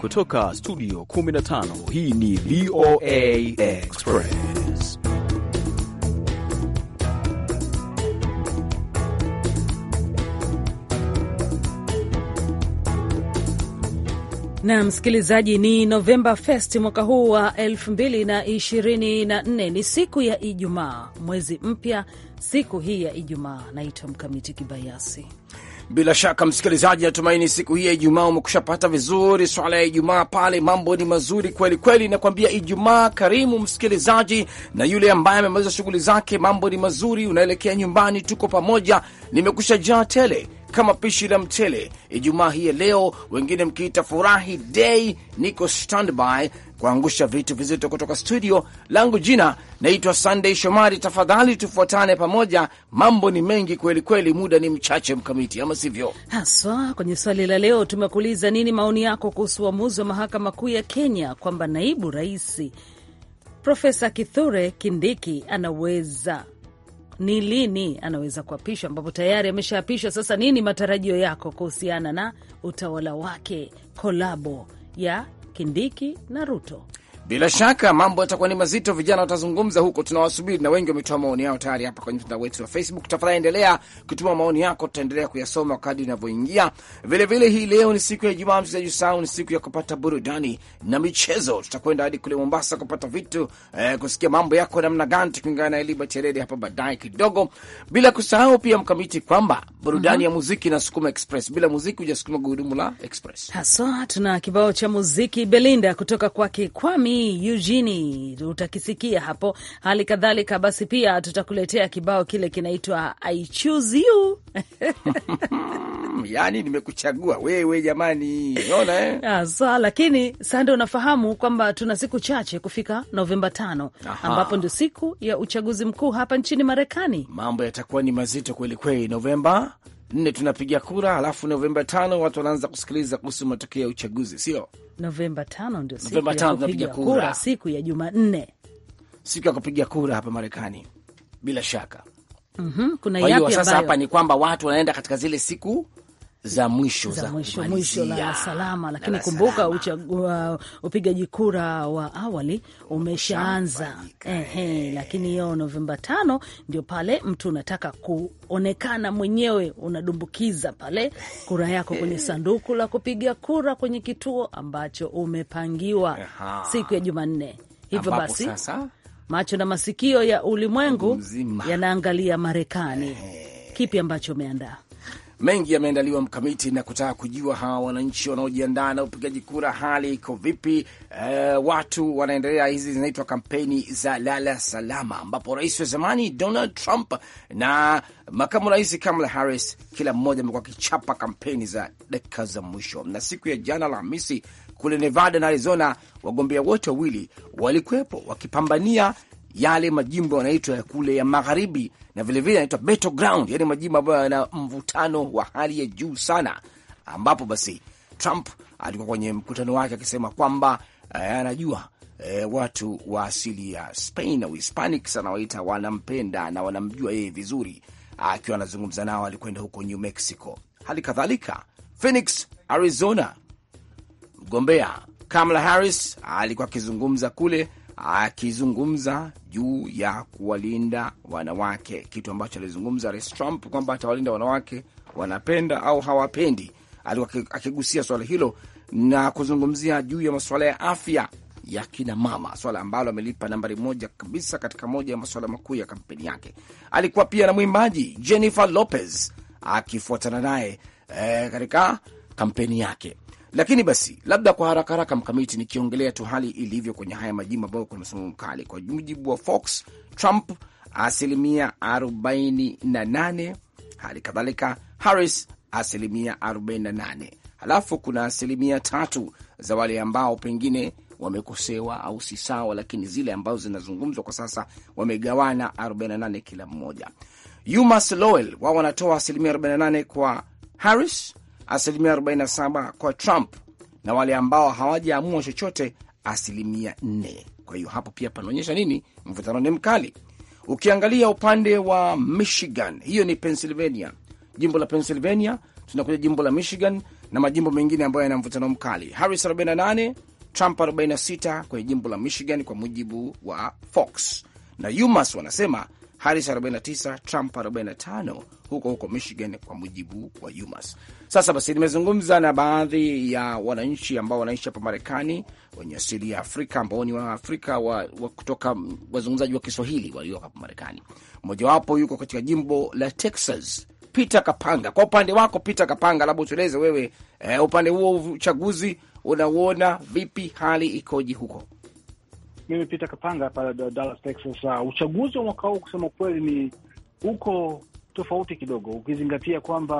Kutoka studio 15 hii ni VOA Express. na msikilizaji, ni Novemba Fest mwaka huu wa 2024 ni siku ya Ijumaa, mwezi mpya siku hii ya Ijumaa. Naitwa Mkamiti Kibayasi. Bila shaka msikilizaji, natumaini siku hii ya Ijumaa umekusha pata vizuri swala ya Ijumaa pale, mambo ni mazuri kweli kweli. Nakwambia Ijumaa karimu msikilizaji, na yule ambaye amemaliza shughuli zake, mambo ni mazuri, unaelekea nyumbani, tuko pamoja, nimekusha jaa tele kama pishi la mtele. Ijumaa hii ya leo, wengine mkiita furahi dei, niko standby kuangusha vitu vizito kutoka studio langu. Jina naitwa Sunday Shomari. Tafadhali tufuatane pamoja, mambo ni mengi kweli kweli, muda ni mchache mkamiti, ama sivyo? Haswa kwenye swali la leo tumekuuliza nini maoni yako kuhusu uamuzi wa mahakama kuu ya Kenya kwamba naibu rais Profesa Kithure Kindiki anaweza ni lini anaweza kuapishwa, ambapo tayari ameshaapishwa. Sasa nini matarajio yako kuhusiana na utawala wake kolabo ya Kindiki na Ruto. Bila shaka mambo yatakuwa ni mazito, vijana watazungumza huko, tunawasubiri na wengi wametoa maoni yao tayari hapa kwenye mtandao wetu wa Facebook. Tafadhali endelea kutuma maoni yako, tutaendelea kuyasoma kadri inavyoingia. Vilevile hii leo ni siku ya Ijumaa, msajisau ni siku ya kupata burudani na michezo. Tutakwenda hadi kule Mombasa kupata vitu eh, kusikia mambo yako namna gani, tukiungana na Liberty Red hapa baadaye kidogo, bila kusahau pia mkamiti kwamba burudani mm -hmm. ya mhm. muziki na Sukuma Express, bila muziki hujasukuma gurudumu la Express. Haswa tuna kibao cha muziki Belinda kutoka kwake Kwami Eugene utakisikia hapo. Hali kadhalika basi, pia tutakuletea kibao kile kinaitwa I choose you Yani, nimekuchagua wewe jamani, unaona eh? Asa, lakini Sande, unafahamu kwamba tuna siku chache kufika Novemba tano, Aha. ambapo ndio siku ya uchaguzi mkuu hapa nchini Marekani. Mambo yatakuwa ni mazito kwelikweli Novemba nne tunapiga kura, alafu Novemba tano watu wanaanza kusikiliza kuhusu matokeo ya uchaguzi, sio Novemba tano ndio siku Novemba tano tunapiga kura, kura siku ya Jumanne, siku ya kupiga kura hapa Marekani bila shaka. Mm -hmm. Kuna yapi ambayo sasa hapa ni kwamba watu wanaenda katika zile siku za mwisho za mwisho mwisho la salama, lakini la kumbuka upigaji kura wa awali umeshaanza eh, lakini hiyo Novemba tano ndio pale mtu unataka kuonekana mwenyewe, unadumbukiza pale kura yako kwenye sanduku la kupiga kura kwenye kituo ambacho umepangiwa siku ya Jumanne. Hivyo basi sasa, macho na masikio ya ulimwengu yanaangalia Marekani, kipi ambacho umeandaa mengi yameandaliwa mkamiti na kutaka kujua hawa wananchi wanaojiandaa na upigaji kura hali iko vipi? E, watu wanaendelea, hizi zinaitwa kampeni za lala salama, ambapo rais wa zamani Donald Trump na makamu rais Kamala Harris, kila mmoja amekuwa akichapa kampeni za dakika za mwisho. Na siku ya jana Alhamisi kule Nevada na Arizona, wagombea wote wawili walikuwepo wakipambania yale majimbo yanaitwa ya kule ya magharibi, na vilevile yanaitwa battleground, yani majimbo ambayo yana mvutano wa hali ya juu sana, ambapo basi Trump alikuwa kwenye mkutano wake akisema kwamba eh, anajua eh, watu wa asili ya Spain au Hispanics anawaita wanampenda na wanamjua yeye vizuri. Akiwa anazungumza nao, alikwenda huko New Mexico, hali kadhalika Phoenix, Arizona. Mgombea Kamala Harris alikuwa akizungumza kule akizungumza juu ya kuwalinda wanawake, kitu ambacho alizungumza Rais Trump kwamba atawalinda wanawake, wanapenda au hawapendi. Alikuwa akigusia swala hilo na kuzungumzia juu ya masuala ya afya ya kina mama, swala ambalo amelipa nambari moja kabisa katika moja ya masuala makuu ya kampeni yake. Alikuwa pia na mwimbaji Jennifer Lopez akifuatana naye eh, katika kampeni yake. Lakini basi labda kwa haraka haraka, mkamiti, nikiongelea tu hali ilivyo kwenye haya majimbo ambayo kuna msimamo mkali. Kwa mujibu wa Fox, Trump asilimia 48, hali kadhalika Harris asilimia 48. Halafu kuna asilimia tatu za wale ambao pengine wamekosewa au si sawa, lakini zile ambazo zinazungumzwa kwa sasa wamegawana 48 kila mmoja. Yuma wao wanatoa asilimia 48 kwa Harris asilimia 47 kwa Trump, na wale ambao hawajaamua chochote asilimia 4. Kwa hiyo hapo pia panaonyesha nini? Mvutano ni mkali. Ukiangalia upande wa Michigan, hiyo ni Pennsylvania, jimbo la Pennsylvania, tunakuja jimbo la Michigan na majimbo mengine ambayo yana mvutano mkali. Harris 48, Trump 46 kwenye jimbo la Michigan, kwa mujibu wa Fox na Yumas wanasema Harris 49, Trump 45 huko huko Michigan, kwa mujibu wa Yumas. Sasa basi, nimezungumza na baadhi ya wananchi ambao wanaishi hapa Marekani wenye asili ya Afrika ambao ni Waafrika wa, wa kutoka wazungumzaji wa Kiswahili walio hapa Marekani. Mmojawapo yuko katika jimbo la Texas, Peter Kapanga. Kwa upande wako Peter Kapanga, labda utueleze wewe, eh, upande huo uchaguzi unauona vipi? Hali ikoje huko? Mimi Peter Kapanga hapa Dallas, Texas. Uh, uchaguzi wa mwaka huu kusema kweli ni uko tofauti kidogo, ukizingatia kwamba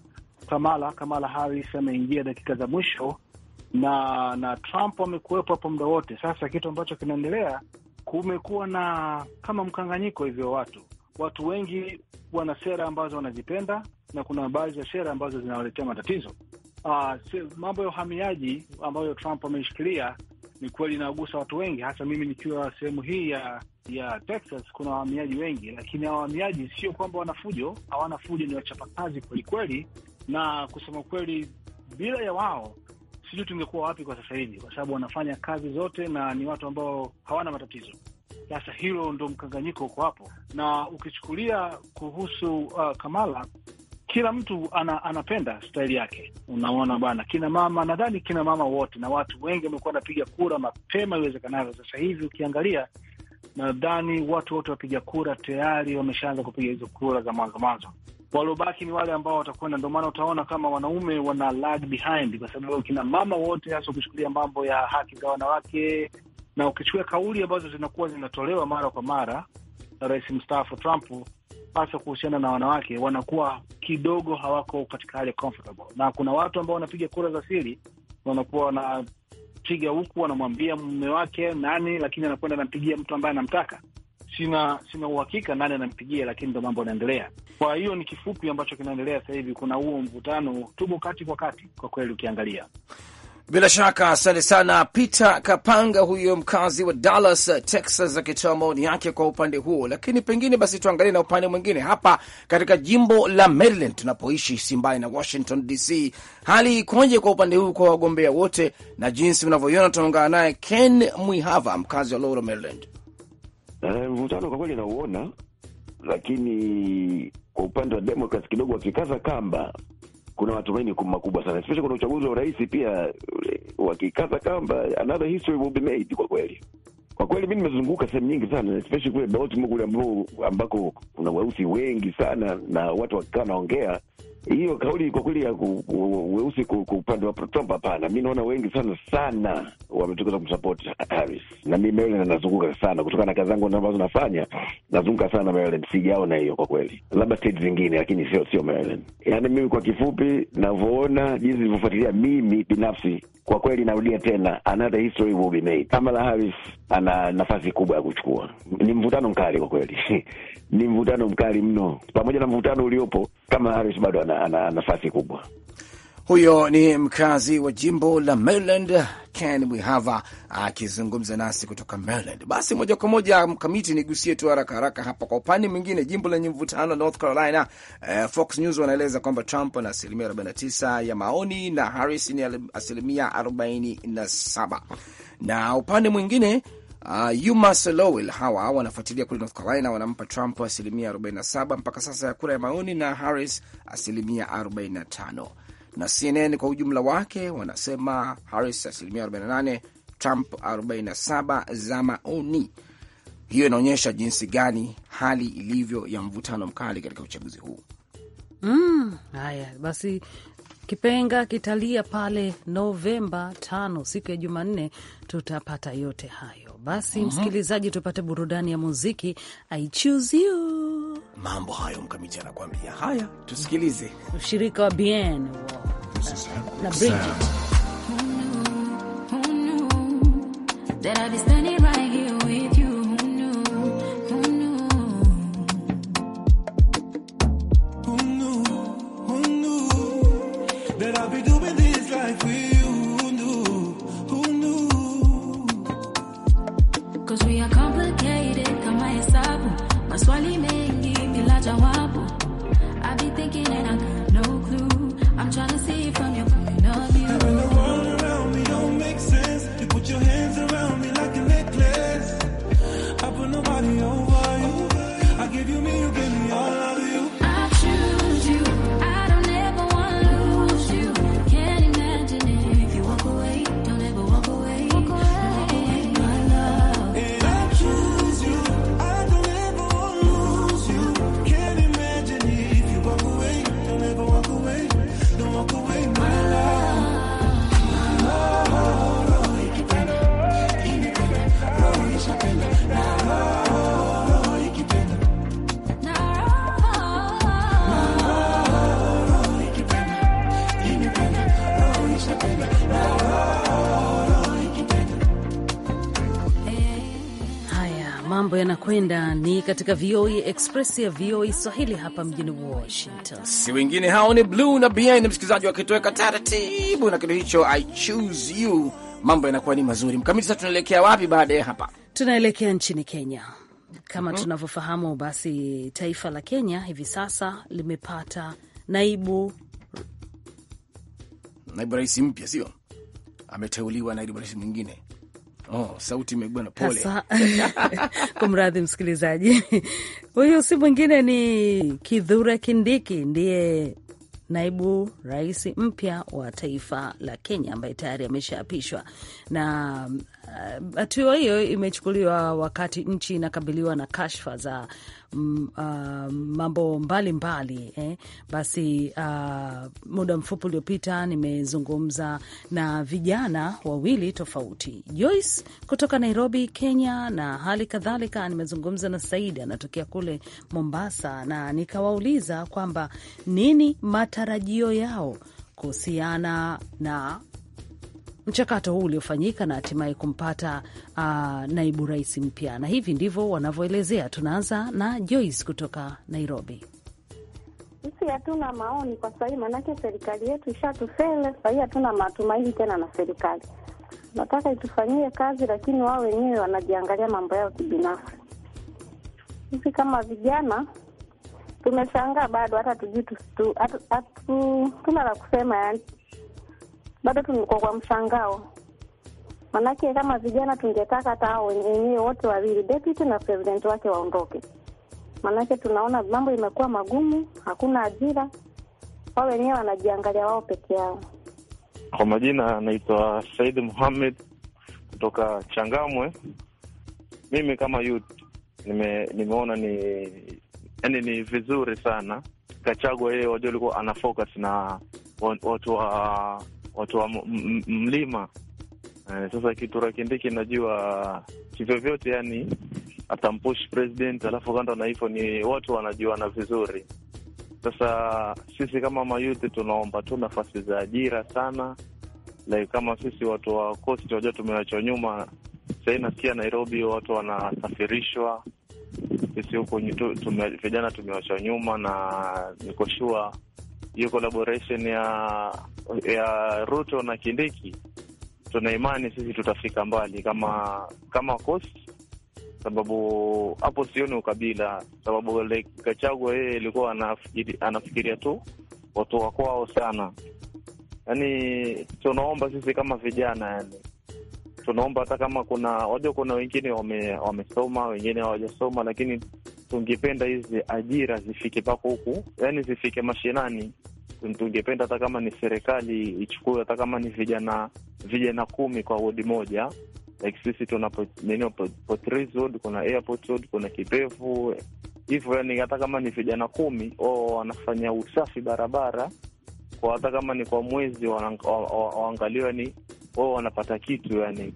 uh, Kamala Kamala Harris ameingia dakika za mwisho na na Trump amekuwepo hapo muda wote. Sasa kitu ambacho kinaendelea, kumekuwa na kama mkanganyiko hivyo, wa watu watu wengi wana sera ambazo wanazipenda na kuna baadhi ya sera ambazo zinawaletea matatizo. Uh, ah, se, mambo ya uhamiaji ambayo Trump ameishikilia ni kweli inagusa watu wengi, hasa mimi nikiwa sehemu hii ya ya Texas kuna wahamiaji wengi, lakini hawa wahamiaji sio kwamba wanafujo, hawana fujo, ni wachapakazi kwelikweli, na kusema kweli, bila ya wao sijui tungekuwa wapi kwa sasa hivi, kwa sababu wanafanya kazi zote na ni watu ambao hawana matatizo. Sasa hilo ndo mkanganyiko uko hapo, na ukichukulia kuhusu uh, Kamala, kila mtu ana, anapenda staili yake, unaona bana. Kina mama nadhani kina mama wote na watu wengi wamekuwa wanapiga kura mapema iwezekanavyo. Sasa hivi ukiangalia, nadhani watu wote wapiga kura tayari wameshaanza kupiga hizo kura za mwanzo mwanzo waliobaki ni wale ambao watakwenda. Ndio maana utaona kama wanaume wana lag behind, kwa sababu kina mama wote, hasa ukichukulia mambo ya haki za wanawake na ukichukua kauli ambazo zinakuwa zinatolewa mara kwa mara na rais mstaafu Trump hasa kuhusiana na wanawake, wanakuwa kidogo hawako katika hali comfortable, na kuna watu ambao wanapiga kura za siri, wanakuwa wanapiga huku, wanamwambia mume wake nani, lakini anakwenda anampigia mtu ambaye anamtaka sina sina uhakika nani anampigia, lakini ndo mambo yanaendelea. Kwa hiyo ni kifupi ambacho kinaendelea sasa hivi, kuna huo mvutano, tupo kati kwa kati kwa kweli, ukiangalia bila shaka. Asante sana Peter Kapanga, huyo mkazi wa Dallas, Texas, akitoa maoni yake kwa upande huo. Lakini pengine basi tuangalie na upande mwingine hapa katika jimbo la Maryland tunapoishi, si na Washington DC. Hali ikoje kwa upande huu kwa wagombea wote na jinsi mnavyoiona? Tunaungana naye Ken Mwihava, mkazi wa Lowell, Maryland mvutano kwa kweli nauona, lakini kwa upande wa Democrats kidogo wakikaza kamba, kuna matumaini makubwa sana, especially kuna uchaguzi wa urais pia. Wakikaza kamba, another history will be made kwa kweli. Kwa kweli mi nimezunguka sehemu nyingi sana especially kule Baltimore kule ambako kuna weusi wengi sana, na watu wakikaa naongea hiyo kauli kwa kweli ya weusi kwa upande wa Trump, hapana. Mi naona wengi sana sana wametokeza kumsupport Harris, na mi Maryland nazunguka sana kutokana na kazi zangu ambazo nafanya, nazunguka sana Maryland. Sijaona hiyo kwa kweli, labda state zingine, lakini sio sio Maryland. Yani mimi kwa kifupi navyoona, jinsi nilivyofuatilia mimi binafsi, kwa kweli narudia tena, another history will be made. Kamala Harris ana nafasi kubwa ya kuchukua. Ni mvutano mkali kwa kweli ni mvutano mkali mno, pamoja na mvutano uliopo, Kamala Harris bado ana ana, nafasi kubwa. Huyo ni mkazi wa jimbo la Maryland, Ken Mwihava akizungumza nasi kutoka Maryland. Basi moja kwa moja mkamiti, nigusie tu haraka haraka hapa. Kwa upande mwingine, jimbo lenye mvutano North Carolina, eh, Fox News wanaeleza kwamba Trump ana asilimia 49 ya maoni na Harris ni asilimia 47, na upande mwingine Uh, ah, Lowell hawa wanafuatilia kule North Carolina, wanampa Trump asilimia 47 mpaka sasa ya kura ya maoni na Harris asilimia 45, na CNN kwa ujumla wake wanasema Harris asilimia 48, Trump 47 za maoni. Hiyo inaonyesha jinsi gani hali ilivyo ya mvutano mkali katika uchaguzi huu. Mm, haya, basi Kipenga kitalia pale Novemba tano, siku ya Jumanne, tutapata yote hayo. Basi mm -hmm. Msikilizaji, tupate burudani ya muziki I choose you. Mambo hayo mkamiti anakuambia haya, tusikilize ushirika wa Bien wow. tunakokwenda ni katika VOA e Express ya VOA e Swahili hapa mjini Washington. Si wengine hao ni Blue na Bien, msikilizaji wakitoweka taratibu na kitu hicho I choose you, mambo yanakuwa ni mazuri. Mkamiti, sasa tunaelekea wapi baada ya hapa? Tunaelekea nchini Kenya kama mm -hmm. tunavyofahamu, basi taifa la Kenya hivi sasa limepata naibu naibu rais mpya, sio ameteuliwa naibu rais mwingine Oh, sauti imegwana, pole kumradhi msikilizaji. Huyu si mwingine ni kidhura Kindiki, ndiye naibu rais mpya wa taifa la Kenya ambaye tayari ameshaapishwa, na Uh, hatua hiyo imechukuliwa wakati nchi inakabiliwa na kashfa za mm, uh, mambo mbalimbali mbali, eh. Basi uh, muda mfupi uliopita nimezungumza na vijana wawili tofauti, Joyce kutoka Nairobi, Kenya, na hali kadhalika nimezungumza na Saidi anatokea kule Mombasa, na nikawauliza kwamba nini matarajio yao kuhusiana na mchakato huu uliofanyika na hatimaye kumpata uh, naibu rais mpya, na hivi ndivyo wanavyoelezea. Tunaanza na Joyce kutoka Nairobi. Sisi hatuna maoni kwa sahii, maanake serikali yetu ishatufele. Sahii hatuna matumaini tena na serikali, nataka itufanyie kazi, lakini wao wenyewe wanajiangalia mambo yao kibinafsi. Sisi kama vijana tumeshangaa bado, hata tujui tuna la kusema yani bado tuko kwa mshangao, manake kama vijana tungetaka hata hao wenyewe wote wawili deputy na president wake waondoke, manake tunaona mambo imekuwa magumu, hakuna ajira, wao wenyewe wanajiangalia wao peke yao. Kwa majina anaitwa Said muhamed kutoka Changamwe. Mimi kama youth nime- nimeona ni yani ni vizuri sana kachagwa yeye, wajua alikuwa ana focus na watu wa watu wa mlima. Eh, sasa Kitura Kindiki najua kivyovyote, yani atampush president, alafu kando na hivyo ni watu wanajuana vizuri. Sasa sisi kama mayuthi tunaomba tu nafasi za ajira sana, like kama sisi watu wa kosti wajua tumewachwa nyuma. Sahii nasikia Nairobi watu wanasafirishwa, sisi huku tume, vijana tumewachwa nyuma, na nikoshua hiyo collaboration ya ya Ruto na Kindiki, tuna imani sisi tutafika mbali kama kama kosi, sababu hapo sioni ukabila, sababu like Gachagua yeye ilikuwa anafikiri, anafikiria tu watu wa kwao sana. Yani tunaomba sisi kama vijana, yani tunaomba hata kama kuna wajua, kuna wengine wamesoma wame wengine hawajasoma, lakini tungependa hizi ajira zifike pako huku, yani zifike mashinani tungependa hata kama ni serikali ichukue hata kama ni vijana vijana kumi kwa wodi moja. Like sisi tuna Potres ward, kuna airport kuna Kipevu hivyo, yani hata kama ni vijana kumi o wanafanya usafi barabara kwa hata kama ni kwa mwezi, waangaliwa ni wao wanapata kitu yani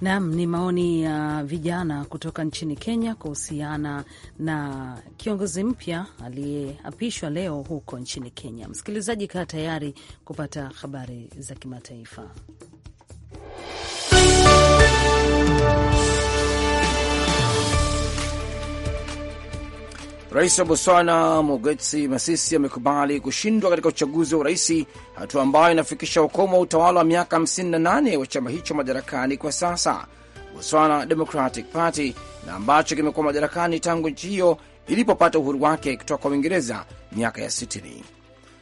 Naam, ni maoni ya uh, vijana kutoka nchini Kenya kuhusiana na kiongozi mpya aliyeapishwa leo huko nchini Kenya. Msikilizaji, kaa tayari kupata habari za kimataifa. Rais wa Botswana Mogetsi Masisi amekubali kushindwa katika uchaguzi wa uraisi, hatua ambayo inafikisha ukomo wa utawala wa miaka 58 wa chama hicho madarakani kwa sasa. Botswana Democratic Party na ambacho kimekuwa madarakani tangu nchi hiyo ilipopata uhuru wake kutoka kwa Uingereza miaka ya 60.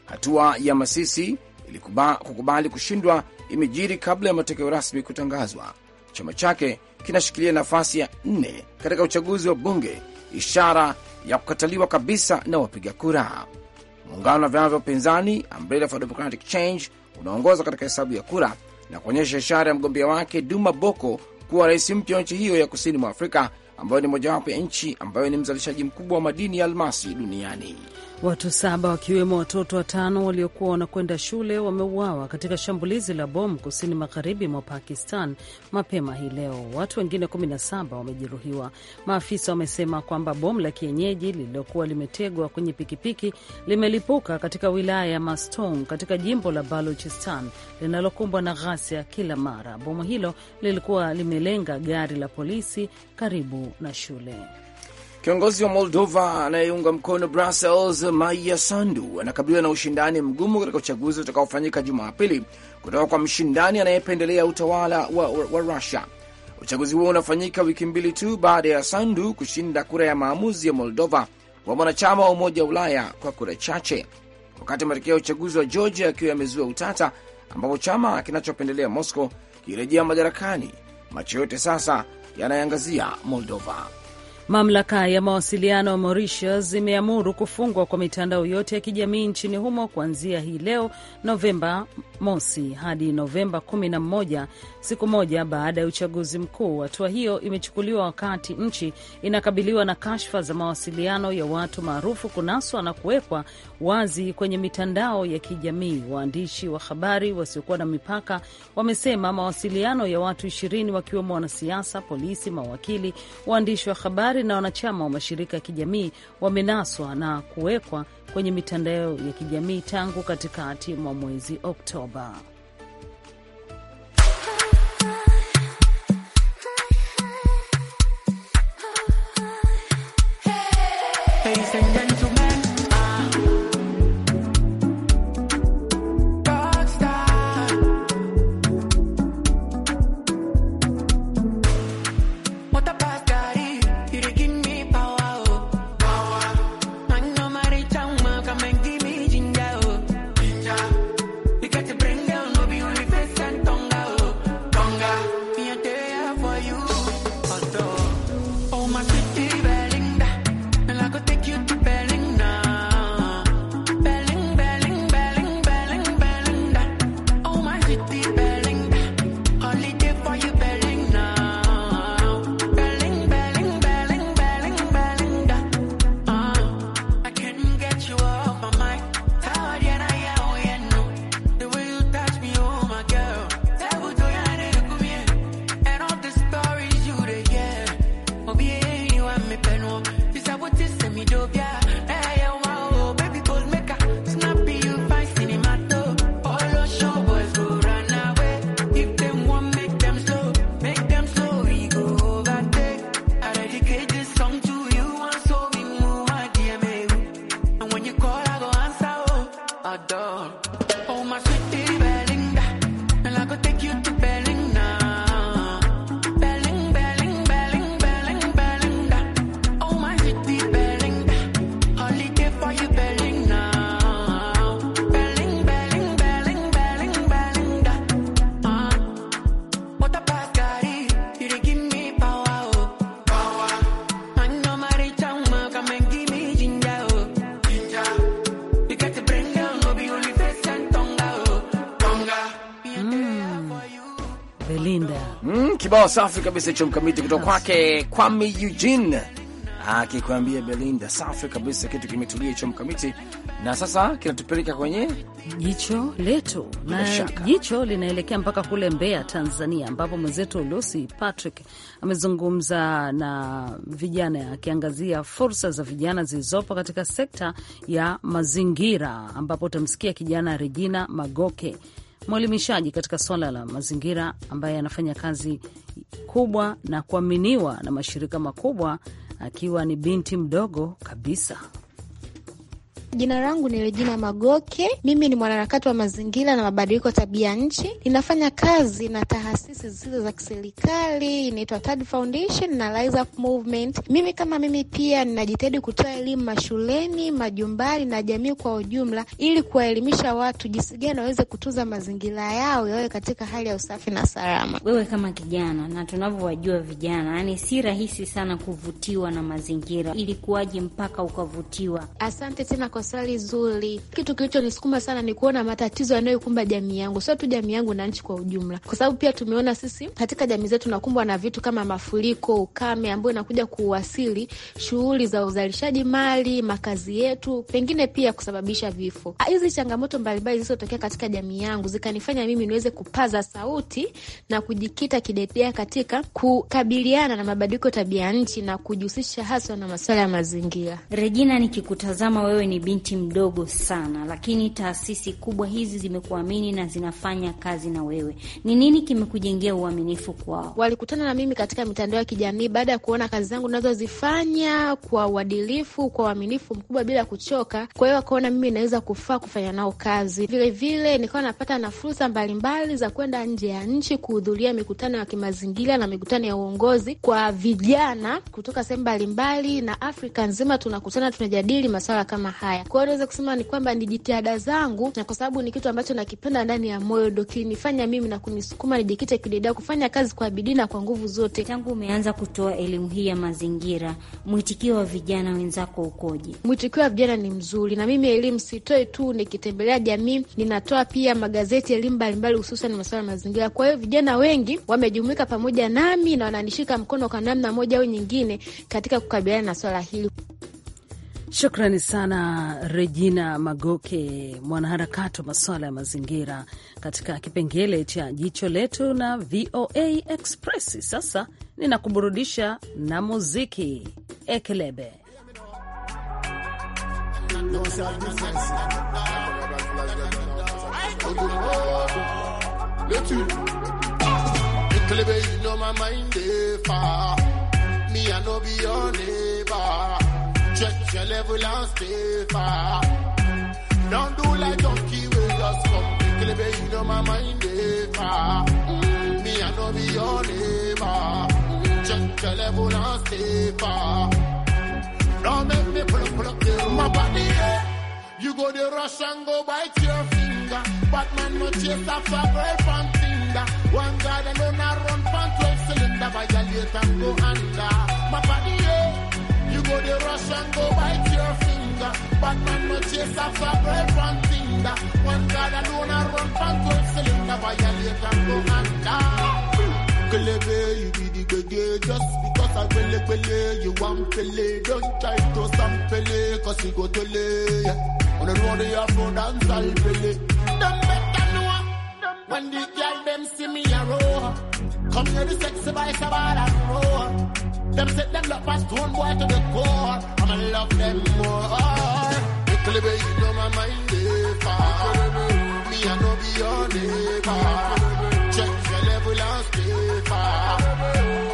Hatua ya Masisi ilikuba, kukubali kushindwa imejiri kabla ya matokeo rasmi kutangazwa. Chama chake kinashikilia nafasi ya nne katika uchaguzi wa bunge ishara ya kukataliwa kabisa na wapiga kura. Muungano wa vyama vya upinzani Umbrella for Democratic Change unaongoza katika hesabu ya kura na kuonyesha ishara ya mgombea wake Duma Boko kuwa rais mpya wa nchi hiyo ya kusini mwa Afrika ambayo ni mojawapo ya nchi ambayo ni mzalishaji mkubwa wa madini ya almasi duniani. Watu saba wakiwemo watoto watano waliokuwa wanakwenda shule wameuawa katika shambulizi la bomu kusini magharibi mwa Pakistan mapema hii leo. Watu wengine 17 wamejeruhiwa. Maafisa wamesema kwamba bomu la kienyeji lililokuwa limetegwa kwenye pikipiki limelipuka katika wilaya ya Mastong katika jimbo la Baluchistan linalokumbwa na ghasia kila mara. Bomu hilo lilikuwa limelenga gari la polisi karibu na shule. Kiongozi wa Moldova anayeunga mkono Brussels, Maia Sandu, anakabiliwa na ushindani mgumu katika uchaguzi utakaofanyika Jumapili kutoka kwa mshindani anayependelea utawala wa, wa, wa Rusia. Uchaguzi huo unafanyika wiki mbili tu baada ya Sandu kushinda kura ya maamuzi ya Moldova wa mwanachama wa Umoja wa Ulaya kwa kura chache, wakati matokeo ya uchaguzi wa Georgia yakiwa yamezua utata, ambapo chama kinachopendelea Moscow kirejea madarakani. Macho yote sasa yanayangazia Moldova. Mamlaka ya mawasiliano ya Mauritius zimeamuru kufungwa kwa mitandao yote ya kijamii nchini humo kuanzia hii leo Novemba mosi hadi Novemba 11, siku moja baada ya uchaguzi mkuu. Hatua hiyo imechukuliwa wakati nchi inakabiliwa na kashfa za mawasiliano ya watu maarufu kunaswa na kuwekwa wazi kwenye mitandao ya kijamii. Waandishi wa habari wasiokuwa na mipaka wamesema mawasiliano ya watu ishirini wakiwemo wanasiasa, polisi, mawakili, waandishi wa habari wanahabari na wanachama wa mashirika ya kijamii wamenaswa na kuwekwa kwenye mitandao ya kijamii tangu katikati mwa mwezi Oktoba. safi kabisa hicho mkamiti kutoka kwake Kwame Eugene akikwambia Belinda. Safi kabisa, kitu kimetulia hicho mkamiti, na sasa kinatupeleka kwenye jicho letu, na jicho linaelekea mpaka kule Mbeya, Tanzania, ambapo mwenzetu Lucy Patrick amezungumza na vijana akiangazia fursa za vijana zilizopo katika sekta ya mazingira, ambapo utamsikia kijana Regina Magoke mwelimishaji katika swala la mazingira ambaye anafanya kazi kubwa na kuaminiwa na mashirika makubwa akiwa ni binti mdogo kabisa. Jina langu ni Regina Magoke. Mimi ni mwanaharakati wa mazingira na mabadiliko tabia nchi. Ninafanya kazi na taasisi zisizo za kiserikali, inaitwa Tad Foundation na Rise Up Movement. Mimi kama mimi pia ninajitahidi kutoa elimu mashuleni, majumbani na jamii kwa ujumla, ili kuwaelimisha watu jinsi gani waweze kutunza mazingira yao yawe katika hali ya usafi na salama. Wewe kama kijana, na tunavyowajua vijana, yani si rahisi sana kuvutiwa na mazingira, ilikuwaje mpaka ukavutiwa? Asante tena kwa swali zuri. Kitu kilichonisukuma sana ni kuona matatizo yanayoikumba jamii yangu, sio tu jamii yangu na nchi kwa ujumla, kwa sababu pia tumeona sisi katika jamii zetu nakumbwa na vitu kama mafuriko, ukame ambayo inakuja kuwasili shughuli za uzalishaji mali, makazi yetu, pengine pia kusababisha vifo. Hizi changamoto mbalimbali zilizotokea katika jamii yangu zikanifanya mimi niweze kupaza sauti na kujikita kidedea katika kukabiliana na mabadiliko tabia nchi na kujihusisha haswa na masuala ya mazingira. Regina, nikikutazama wewe ni binti mdogo sana, lakini taasisi kubwa hizi zimekuamini na zinafanya kazi na wewe. Ni nini kimekujengea uaminifu kwao? Walikutana na mimi katika mitandao ya kijamii baada ya kuona kazi zangu nazozifanya kwa uadilifu, kwa uaminifu mkubwa bila kuchoka. Kwa hiyo wakaona mimi naweza kufaa kufanya nao kazi. Vilevile nikawa napata na fursa mbalimbali za kwenda nje ya nchi kuhudhuria mikutano ya kimazingira na mikutano ya uongozi kwa vijana kutoka sehemu mbalimbali na Afrika nzima, tunakutana tunajadili masuala kama haya haya. Kwa hiyo naweza kusema ni kwamba ni jitihada zangu, na kwa sababu ni kitu ambacho nakipenda ndani ya moyo, ndo kilinifanya mimi na kunisukuma nijikite kidedea kufanya kazi kwa bidii na kwa nguvu zote. Tangu umeanza kutoa elimu hii ya mazingira, mwitikio wa vijana wenzako ukoje? Mwitikio wa vijana ni mzuri, na mimi elimu sitoi tu nikitembelea jamii, ninatoa pia magazeti, elimu mbalimbali, hususan masuala ya mazingira. Kwa hiyo vijana wengi wamejumuika pamoja nami na wananishika mkono kwa namna moja au nyingine katika kukabiliana na swala hili. Shukrani sana Regina Magoke, mwanaharakati wa masuala ya mazingira, katika kipengele cha jicho letu na VOA Express. Sasa ninakuburudisha na muziki ekelebe Check your level and stay far. Don't do like donkey, we just come quickly, baby, you know my mind is far. Mm, me, I know be your neighbor. Mm, check your level and stay far. Don't make me pull up, pull up, yeah. my body, yeah. You go the rush and go bite your finger. But man, no chase after girl from Tinder. One guy, they know not run from 12 cylinder. Violate and go under. My body, yeah go the rush and go bite your finger. But man no chase after bread one finger. One God alone I run from two cylinder. Violate and go and die. Kelebe, you be the gege Just because I wele wele You want pele Don't try to sample Cause you go to lay On the road you have dance and pele. Them better know When the girl them see me a roar Come here the sexy boy Sabara roar them set them love as stone boy to the core. I'ma love them more. Little baby, you know my mind is eh, far. Me I know be your neighbor. Check your level and stay far.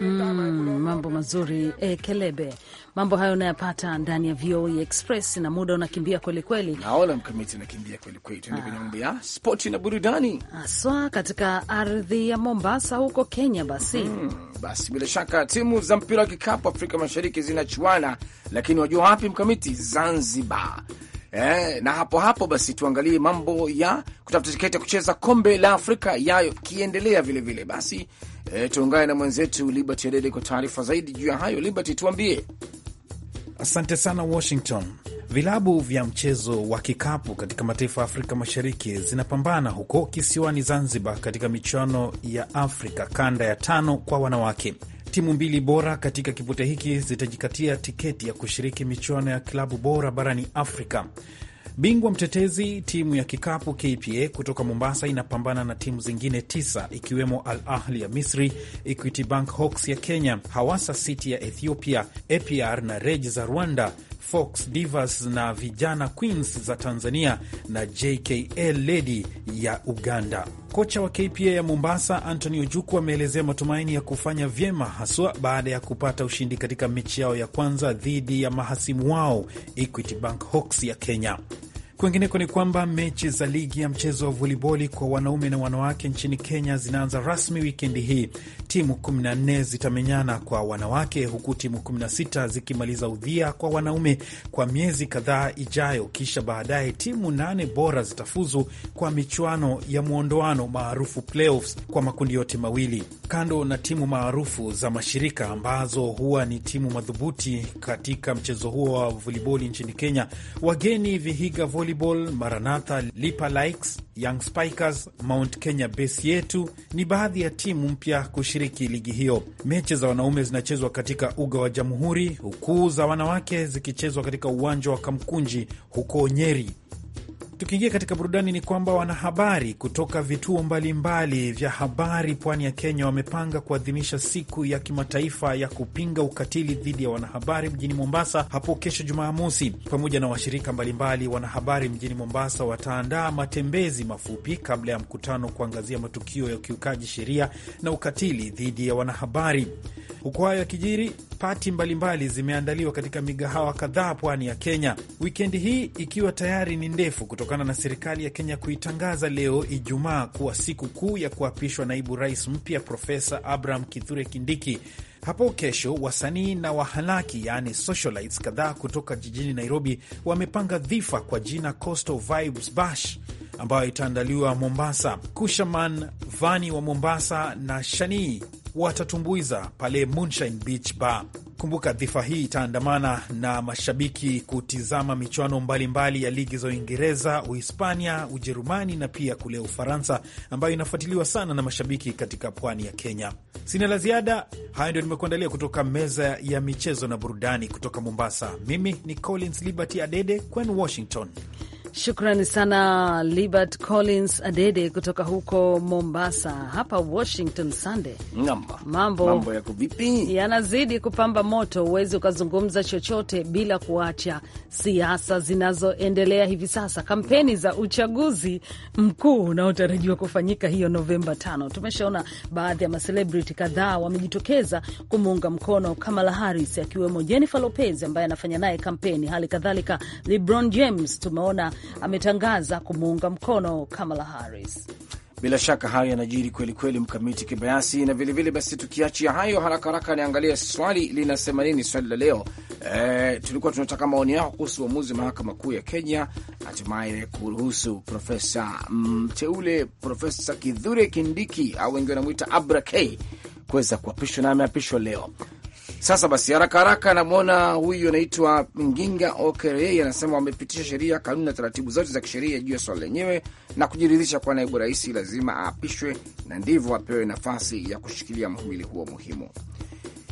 Mm, mambo mazuri e, Kelebe, mambo hayo unayapata ndani ya VOA e Express na muda unakimbia kwelikweli. Naona mkamiti nakimbia kwelikweli. Tuende ah. kwenye mambo ya spoti na burudani haswa katika ardhi ya Mombasa huko Kenya. Basi mm, basi bila shaka timu za mpira wa kikapu Afrika Mashariki zinachuana, lakini wajua wapi mkamiti? Zanzibar eh, na hapo hapo basi tuangalie mambo ya kutafuta tiketi ya kucheza kombe la Afrika yayo kiendelea vilevile vile. Basi eh, tuungane na mwenzetu Liberty Adede kwa taarifa zaidi juu ya hayo. Liberty, tuambie. Asante sana Washington. Vilabu vya mchezo wa kikapu katika mataifa ya Afrika Mashariki zinapambana huko kisiwani Zanzibar katika michuano ya Afrika kanda ya tano kwa wanawake. Timu mbili bora katika kivute hiki zitajikatia tiketi ya kushiriki michuano ya klabu bora barani Afrika. Bingwa mtetezi timu ya kikapu KPA kutoka Mombasa inapambana na timu zingine tisa ikiwemo Al Ahli ya Misri, Equity Bank Hawks ya Kenya, hawasa City ya Ethiopia, APR na Reg za Rwanda Fox Divas na vijana Queens za Tanzania na JKL Lady ya Uganda. Kocha wa KPA ya Mombasa Antony Ojuku ameelezea matumaini ya kufanya vyema haswa baada ya kupata ushindi katika mechi yao ya kwanza dhidi ya mahasimu wao Equity Bank Hawks ya Kenya. Kwingineko ni kwamba mechi za ligi ya mchezo wa voliboli kwa wanaume na wanawake nchini Kenya zinaanza rasmi wikendi hii timu 14 zitamenyana kwa wanawake, huku timu 16 zikimaliza udhia kwa wanaume kwa miezi kadhaa ijayo, kisha baadaye timu nane bora zitafuzu kwa michuano ya mwondoano maarufu playoffs kwa makundi yote mawili. Kando na timu maarufu za mashirika ambazo huwa ni timu madhubuti katika mchezo huo wa voliboli nchini Kenya, wageni Vihiga Volleyball, Maranatha, Lipa Likes, Young Spikers, Mount Kenya base yetu ni baadhi ya timu mpya kushiriki kushiriki ligi hiyo. Mechi za wanaume zinachezwa katika uga wa Jamhuri, huku za wanawake zikichezwa katika uwanja wa Kamkunji huko Nyeri. Tukiingia katika burudani, ni kwamba wanahabari kutoka vituo mbalimbali mbali vya habari pwani ya Kenya wamepanga kuadhimisha siku ya kimataifa ya kupinga ukatili dhidi ya wanahabari mjini Mombasa hapo kesho Jumamosi. Pamoja na washirika mbalimbali, wanahabari mjini Mombasa wataandaa matembezi mafupi kabla ya mkutano kuangazia matukio ya ukiukaji sheria na ukatili dhidi ya wanahabari. Huku hayo yakijiri, pati mbalimbali zimeandaliwa katika migahawa kadhaa pwani ya Kenya, wikendi hii ikiwa tayari ni ndefu kutokana na serikali ya Kenya kuitangaza leo Ijumaa kuwa siku kuu ya kuapishwa naibu rais mpya Profesa Abraham Kithure Kindiki. Hapo kesho wasanii na wahalaki yaani socialites kadhaa kutoka jijini Nairobi wamepanga dhifa kwa jina Coastal Vibes Bash ambayo itaandaliwa Mombasa. Kushaman Vani wa Mombasa na Shanii watatumbuiza pale Moonshine Beach Bar. Kumbuka dhifa hii itaandamana na mashabiki kutizama michuano mbalimbali ya ligi za Uingereza, Uhispania, Ujerumani na pia kule Ufaransa, ambayo inafuatiliwa sana na mashabiki katika pwani ya Kenya. Sina la ziada, hayo ndio nimekuandalia kutoka meza ya michezo na burudani kutoka Mombasa. Mimi ni Collins Liberty Adede kwenu Washington. Shukrani sana Libert Collins Adede kutoka huko Mombasa. Hapa Washington Sunday, mambo, mambo ya Yanazidi kupamba moto. Huwezi ukazungumza chochote bila kuacha siasa zinazoendelea hivi sasa, kampeni za uchaguzi mkuu unaotarajiwa kufanyika hiyo Novemba tano. Tumeshaona baadhi ya macelebrity kadhaa wamejitokeza kumuunga mkono Kamala Harris, akiwemo Jennifer Lopez ambaye anafanya naye kampeni, hali kadhalika LeBron James tumeona ametangaza kumuunga mkono Kamala Harris. Bila shaka hayo yanajiri kweli kweli, mkamiti kibayasi na vilevile. Basi tukiachia hayo haraka haraka, niangalie swali linasema nini, swali la leo. E, tulikuwa tunataka maoni yao kuhusu uamuzi wa mahakama kuu ya Kenya hatimaye kuruhusu profesa mteule Profesa Kithure Kindiki au wengi wanamwita Abra K kuweza kuapishwa na ameapishwa leo. Sasa basi, haraka haraka, namwona huyu anaitwa Nginga Okerei, anasema wamepitisha sheria, kanuni na taratibu zote za kisheria juu ya swala lenyewe na kujiridhisha kuwa naibu rais lazima aapishwe na ndivyo apewe nafasi ya kushikilia mhimili huo muhimu.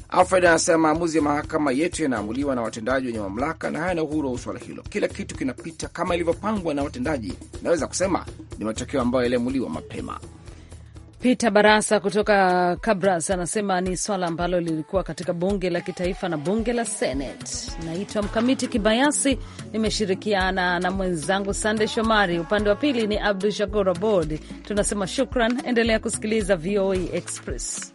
Alfred anasema maamuzi ya mahakama yetu yanaamuliwa na watendaji wenye mamlaka na hayana uhuru wa swala hilo. Kila kitu kinapita kama ilivyopangwa na watendaji, naweza kusema ni matokeo ambayo yaliamuliwa mapema. Peter Barasa kutoka Kabras anasema ni swala ambalo lilikuwa katika bunge la kitaifa na bunge la Senate. Naitwa Mkamiti Kibayasi, nimeshirikiana na mwenzangu Sande Shomari, upande wa pili ni Abdu Shakur Abod. Tunasema shukran, endelea kusikiliza VOA e Express.